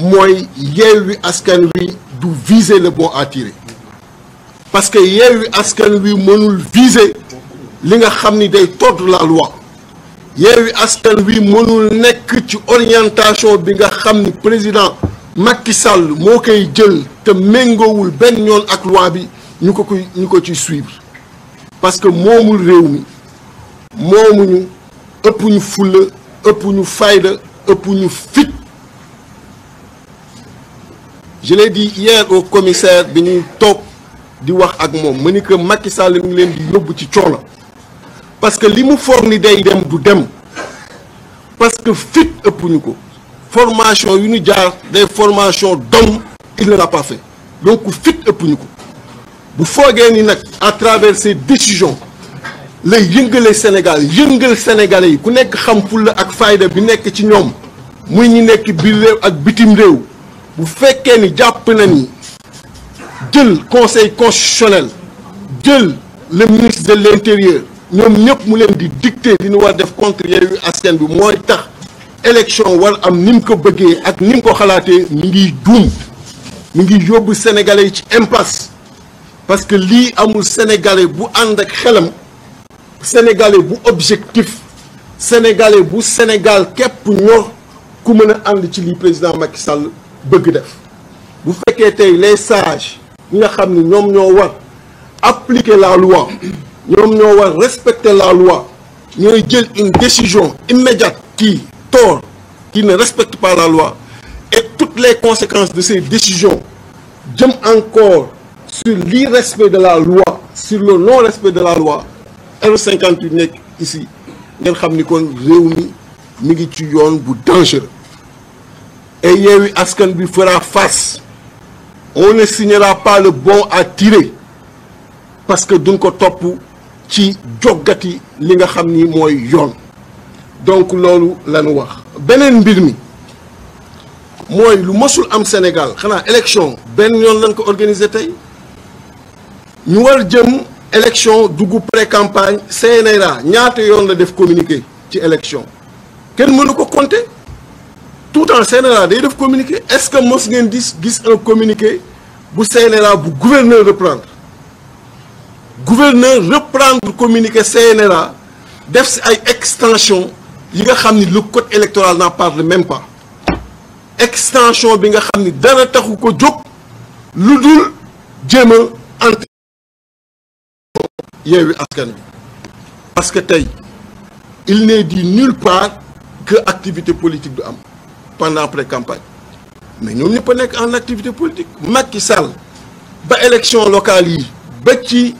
mooy Yewwi Askan Wi du viser la bon à tirer parce que Yewwi Askan Wi mënul viser li nga xam ni day tordre la loi Yewwi Askan Wi mënul nekk ci orientation bi nga xam ni président Macky Sall moo koy jël te méngoowul benn yoon ak loi bi ñu ko ñu ko ci suivre parce que moomul réew mi moomuñu ëpp ñu fulla ëpp ñu fayda ëpp ñu fit je l'ai dit hier au commissaire bi ñuy toog di wax ak moom ma ni que Sall mi ngi leen di yóbbu ci coono parce que li mu foog ni day dem du dem parce que fit ëpp ñu ko formation yu ñu jaar des formations d'hommes il ne l'a pas donc fit ëpp ñu ko bu foogee ni nag à travers ces décisions lay yëngale Sénégal yëngal Sénégalais yi ku nekk xam fulla ak fayda bi nekk ci ñoom muy ñi nekk bi réew ak bitim réew bu fekkee ni jàpp na ni jël conseil constitutionnel jël le ministre de l'intérieur ñoom ñëpp mu leen di dicter li ñu war def contre Yewwi Askan bi mooy tax élection war am nim ko bëggee ak nim ko xalaatee mi ngi juum mi ngi yóbbu sénégalais ci impasse parce que lii amul sénégalais bu ànd ak xelam sénégalais bu objectif sénégalais bu Sénégal képp ñor ku mën a ànd ci lii président Macky Sall bëgg def bu fekkee tey les sages nga xam ni ñoom ñoo war appliquer la loi ñoom ñoo war respecter la loi ñooy jël une décision immédiate qui tord qui ne respecte pas la loi et toutes les conséquences de ces décisions jëm encore sur l'irrespect de la loi sur le non-respect de la loi R58 nekk ici ngeen xam ni ko réew mi mi ngi ci yoon bu dangereux et Yewwi Askan bi fera fas on ne signera pas bon à tirer parce que duñ ko topp ci joggati li nga xam ni mooy yoon donc loolu lañu wax beneen mbir mi mooy lu mësul am Sénégal xanaa élection benn yoon lañ ko organiser tey ñu war jëm élection dugg pré-campagne CNRA ñaata yoon la def communiqué ci élection kenn mënu ko compter tout en CNRA day def communiqué est-ce que mos ngeen gis gis un communiqué bu CNRA bu gouverneur reprendre gouverneur reprendre communiqué CNRA def si ay extension yi nga xam ni le code électoral n'en parle même pas extension bi nga xam ni dara taxu ko jóg lu dul jéem a ant yeewi askan bi parce que tey il n'est dit nulle part que activité politique du am pendant pré-campagne mais ñoom ñëpp a nekk en activité politique Macky Sall ba élection locale yi ba ci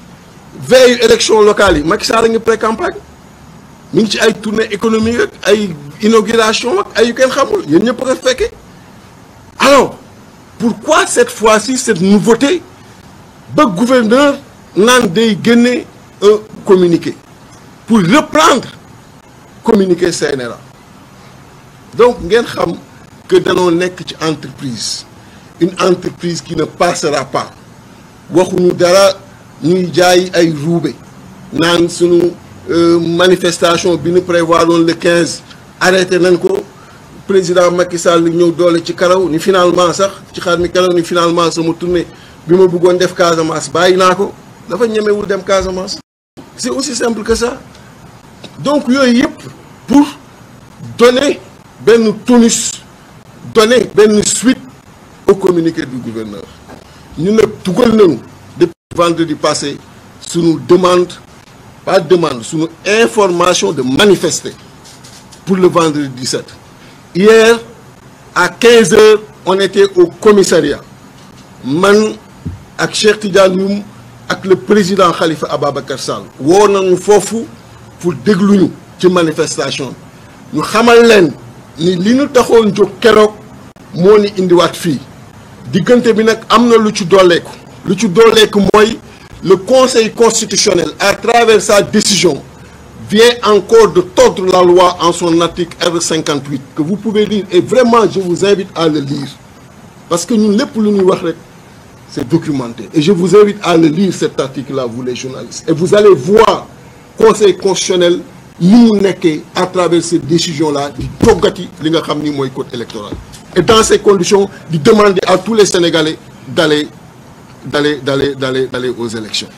veille élection locale yi Macky Sall a ngi pré-campagne ngi ci ay tournée économique ak ay inauguration ak ay yu kenn xamul yéen ñëpp a ko fekkee alors pourquoi cette fois-ci cette nouveauté ba gouverneur naan day génne un communiqué pour reprendre communiqué CNRA donc ngeen xam que danoo nekk ci entreprise une entreprise qui ne passera pas waxuñu dara ñuy jaay ay ruube naan sunu euh, manifestation bi ñu prévoir woon le 15 arrêté nañ ko président Macky Sall ñëw doole ci karaw ni finalement sax ci xar mi karaw ni finalement sama tournée bi ma buggoon def Casamance bàyyi naa ko dafa ñemewul dem Casamance. c'est aussi simple que sax donc yooyu yëpp pour donner benn tonus. donner benn suite au communiqué du gouverneur ñu ne dugal nañu depuis vendredi passé suñu demande pas demande suñu information de manifester pour le vendredi 17 hier à 15 heures on était au commissariat man ak Cheikh Tidiane ak le président Khalifa Ababacar Sall woo nañu foofu pour dégluñu ci manifestation ñu xamal leen ni li ñu taxoon jóg moo ni indiwaat fii diggante bi nag am na lu ci dooleeku lu ci dooleeku mooy le conseil constitutionnel à travers sa décision vient encore de tordre la loi en son article R58 que vous pouvez lire et vraiment je vous invite à le lire parce que ñun lépp lu ñuy wax rek et je vous invite à le lire cet article là les journalistes et vous allez voir conseil constitutionnel ni mu nekkee à travers ces décisions là di toggati li nga xam ni mooy code électoral Et dans ces conditions, de demander à tous les Sénégalais d'aller d'aller d'aller d'aller d'aller aux élections.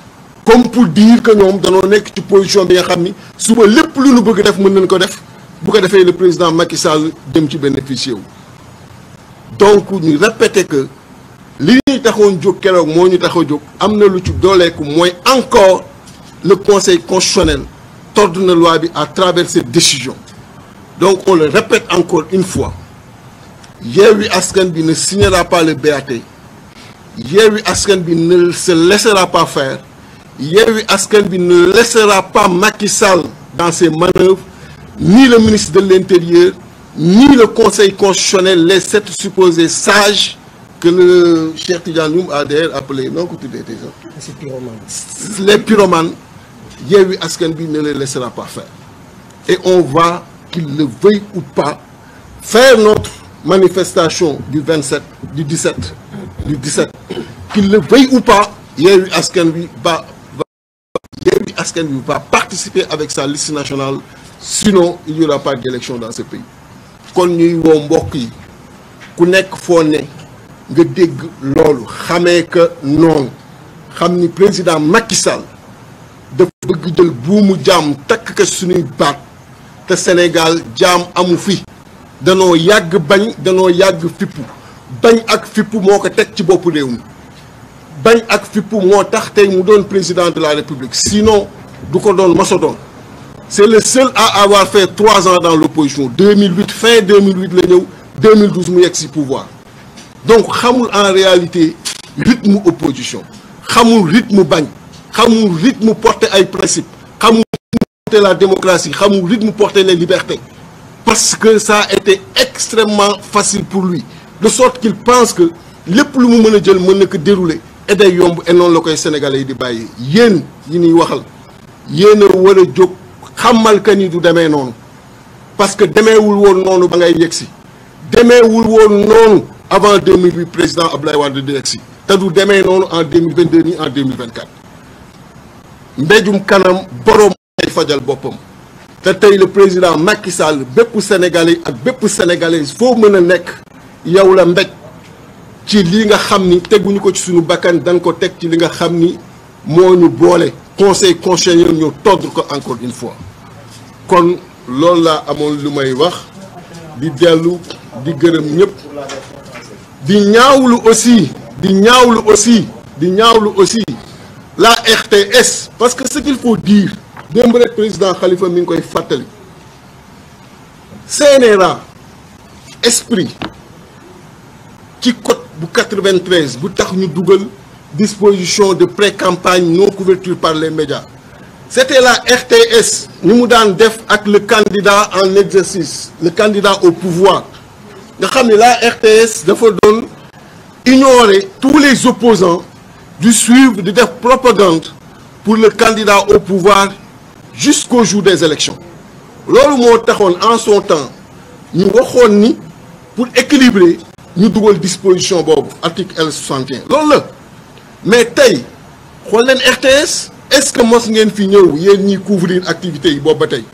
Comme pour dire que ñoom danoo nekk ci position bi nga xam ni suba lépp lu ñu bëgg def mën nañ ko def bu ko defee le président Macky Sall dem ci bénéficier wu. donc ñu répéter que li ñuy taxoon jóg keroog moo ñu taxa jóg am na lu ci dooleeku mooy encore le conseil constitutionnel tord na loi bi à travers cette décision donc on le répète encore une fois Yewwi Askan Wi ne signera pas le BAT Yewwi Askan Wi ne se laissera pas faire Yewwi Askan Wi ne laissera pas Macky Sall dans ses manœuvres ni le ministre de l'Intérieur ni le Conseil constitutionnel les sept supposés sages que le Cheikh Tidiane Loum a d'ailleurs appelé non que tu dis déjà pyromanes. les pyromanes Yewwi Askan Wi ne les laissera pas faire et on va qu'il le veuille ou pas faire notre manifestation du 27 du 17 du 17 qu'il le veuille ou pas Yewwi Askan Wi va Yewwi Askan Wi va participer avec sa liste nationale sinon il n'y aura pas d'élection dans ce pays kon ñuy woo mbokk yi ku nekk foo ne nga dégg loolu xamee que noonu xam ni président Macky Sall dafa bëgg jël buumu jaam takk ka suñuy baat te Sénégal jaam amu fi danoo yàgg bañ danoo yàgg fippu bañ ak fippu moo ko teg ci boppu réew mi bañ ak fippu moo tax tey mu doon président de la république sinon du ko doon masa doon c'est le seul à avoir fait trois ans dans l'opposition 2008 fin 2008 la ñëw 2012 mu yegg si pouvoir donc xamul en réalité rythme opposition xamul rythme bañ xamul rythme porté ay principe xamul porter la démocratie xamul rythme porter les libertés parce que ça a été extrêmement facile pour lui de sorte qu'il pense que lépp lu mu mën a jël mën na ko dérouler et yomb et noonu la koy sénégalais yi di bàyyi yéen yi ñuy waxal yéen a war jóg xamal ka ni du demee noonu parce que demeewul woon noonu ba ngay yegg si demeewul woon noonu avant 2008 président Abdoulaye Wade di yegg si te du demee noonu en 2022 ni en 2024 mbéjum kanam boroom ay fajal boppam te tey le président Macky Sall bépp sénégalais ak bépp sénégalaise foo mën a nekk yow la mbéj ci li nga xam ni teguñu ko ci suñu bakkan dañ ko teg ci li nga xam ni moo ñu boole conseil constitutionnel ñu todd ko encore une fois kon loolu laa amoon lu may wax di dellu di gërëm ñëpp di ñaawlu aussi di ñaawlu aussi di ñaawlu aussi la RTS parce que ce qu'il faut dire démb président Khalifa mi ngi koy fàttali CNRA esprit ci code bu 93 bu tax ñu dugal disposition de pré-campagne non couverture par les médias c'était la RTS ni mu daan def ak le candidat en exercice le candidat au pouvoir nga xam ne la RTS dafa doon ignorer tous les opposants du suivre di def propagande pour le candidat au pouvoir jusqu'au jour des élections loolu moo taxoon en son temps ñu waxoon ni pour équilibrer ñu dugal disposition boobu article l loolu la mais tey xool leen RTS est-ce que mos ngeen fi ñëw yéen ñiy couvrir activités yi boobu ba tey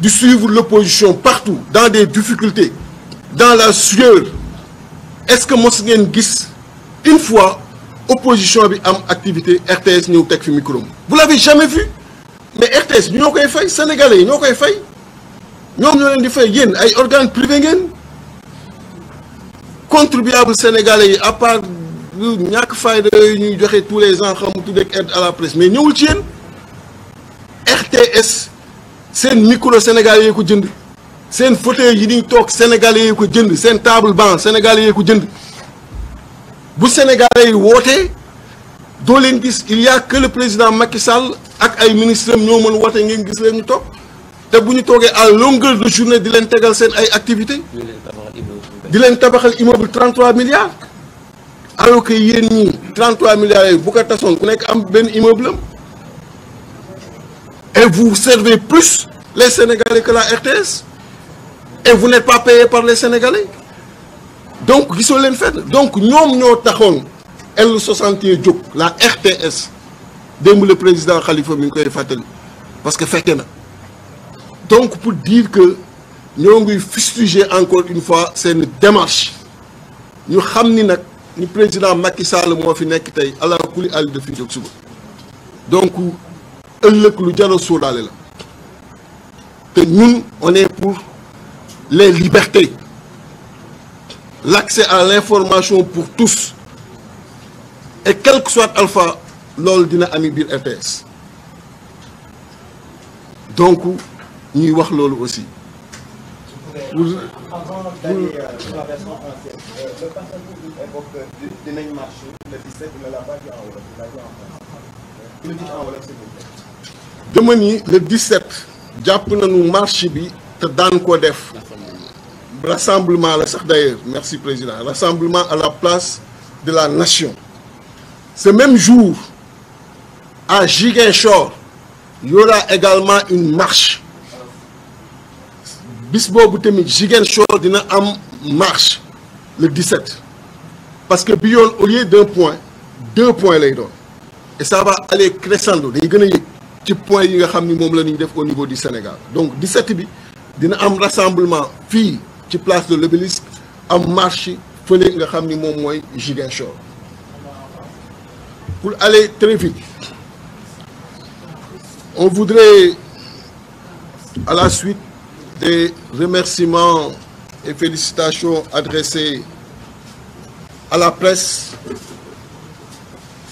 di suivre l'opposition partout dans des difficultés dans la sueur est-ce que mos ngeen gis une fois opposition bi am activité RTS ñëw teg fi microme bu l'avez jamais vu mais RTS ñoo koy fay sénégalais yi ñoo koy fay ñoom ñoo leen di fay yéen ay organes privés ngeen contribuable sénégalais yi à part ñàkk fayda yooyu ñuy joxe tous les ans xam tuddee aide à la presse mais ñëwul ci yéen RTS seen micro sénégalais yee ko jënd seen fauteuil yi ñuy toog sénégalais yee ko jënd seen table banc sénégalais yi ko jënd bu sénégalais yi wootee. doo leen gis il y que le président Macky Sall ak ay ministres am ñoo mën woote ngeen gis leen ñu toog te bu ñu toogee à longueur de journée di leen tegal seen ay activités di leen tabaxal immeuble 33 milliards alors que yéen ñii 33 milliards yooyu bu ko tasoon ku nekk am benn immeuble am et vous servez plus les Sénégalais que la RTS et vous n'êtes pas payé par les Sénégalais donc gisoo leen fenn donc ñoom ñoo taxoon L61 jóg la RTS démb le président Khalifa mi ngi koy fàttali parce que fekke na donc pour dire que ñoo ngi fustiger encore une fois seen démarche ñu xam ni nag ni président Macky moo fi nekk tey allah kulli àll daf fi jóg suba donc ëllëg lu jar a sóoraale la te ñun on est pour les libertés l'accès à l'information pour tous et quel que soit alpha loolu dina ami biir RTS donc ñuy wax loolu aussi. vous avant d'aller euh, sur la euh, le parti politique marché jàpp nañu marche bi te daan ko def rassemblement la sax d'ailleurs merci président rassemblement à la place de la nation Ce même jour, à Ziguinchor, il y également une marche bis boobu tamit Ziguinchor dina am marche le 17 parce que bi yoon au lieu d'un point deux points lay doon et ça va aller crescendo day gën a yëg ci point yi nga xam ni moom la ñuy def au niveau du Sénégal donc 17 bi dina am rassemblement fii ci place de l'Obélisque am marche fële nga xam ni moom mooy Ziguinchor pour aller très vite, on voudrait, à la suite des remerciements et félicitations adressées à la presse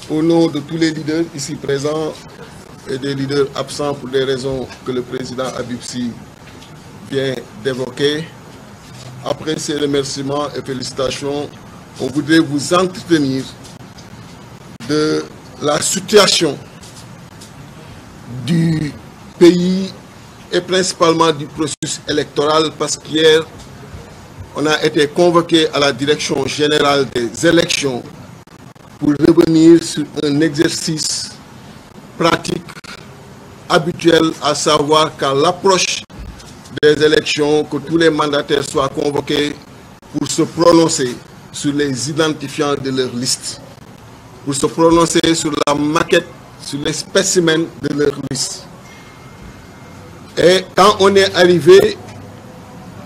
au nom de tous les leaders ici présents et des leaders absents pour des raisons que le président Abibsi vient d'évoquer. Après ces remerciements et félicitations, on voudrait vous entretenir de la situation du pays et principalement du processus électoral parce qu'hier, on a été convoqué à la direction générale des élections pour revenir sur un exercice pratique habituel, à savoir qu'à l'approche des élections, que tous les mandataires soient convoqués pour se prononcer sur les identifiants de leur liste. pour se prononcer sur la maquette, sur les spécimens de leur liste. Et quand on est arrivé,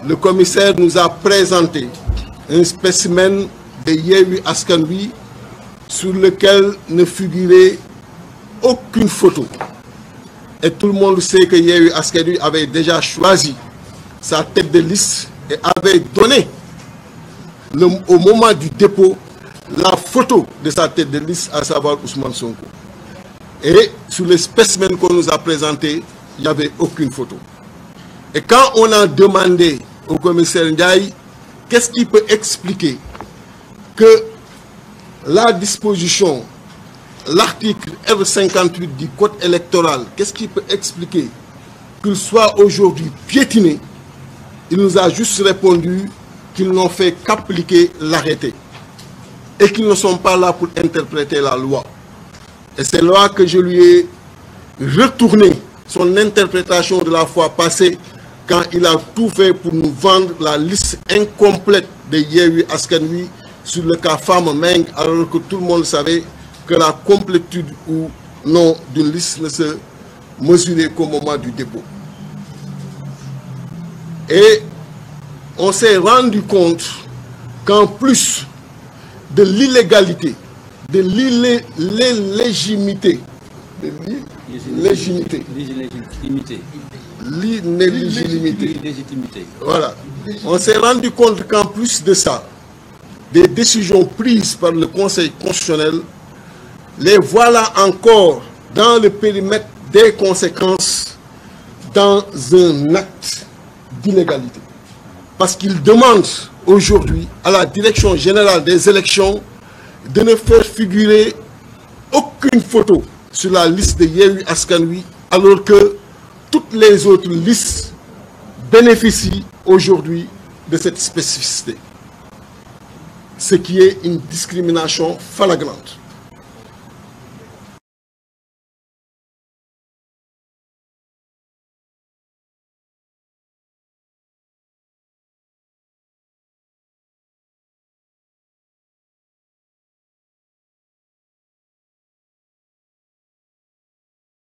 le commissaire nous a présenté un spécimen de Yewwi Askan Wi sur lequel ne figurait aucune photo. Et tout le monde sait que Yewwi Askan avait déjà choisi sa tête de liste et avait donné au moment du dépôt la photo de sa tête de à savoir Ousmane Sonko. Et sur les spécimens qu'on nous a présentés, il n'y avait aucune photo. Et quand on a demandé au commissaire Ndiaye, qu'est-ce qui peut expliquer que la disposition, l'article R58 du code électoral, qu'est-ce qui peut expliquer qu'il soit aujourd'hui piétiné Il nous a juste répondu qu'ils n'ont fait qu'appliquer l'arrêté. et qu'ils ne sont pas là pour interpréter la loi. Et c'est là que je lui ai retourné son interprétation de la fois passée quand il a tout fait pour nous vendre la liste incomplète de Yewwi Askan Wi sur le cas Fama Meng alors que tout le monde savait que la complétude ou non d'une liste ne se mesurait qu'au moment du dépôt. Et on s'est rendu compte qu'en plus de l'illégalité, de l'illégimité. De l'illégitimité. L'illégitimité. Voilà. On s'est rendu compte qu'en plus de ça, des décisions prises par le Conseil constitutionnel, les voilà encore dans le périmètre des conséquences dans un acte d'illégalité. Parce qu'ils demandent aujourd'hui à la direction générale des élections de ne faire figurer aucune photo sur la liste de Yewwi Askan Wi alors que toutes les autres listes bénéficient aujourd'hui de cette spécificité ce qui est une discrimination flagrante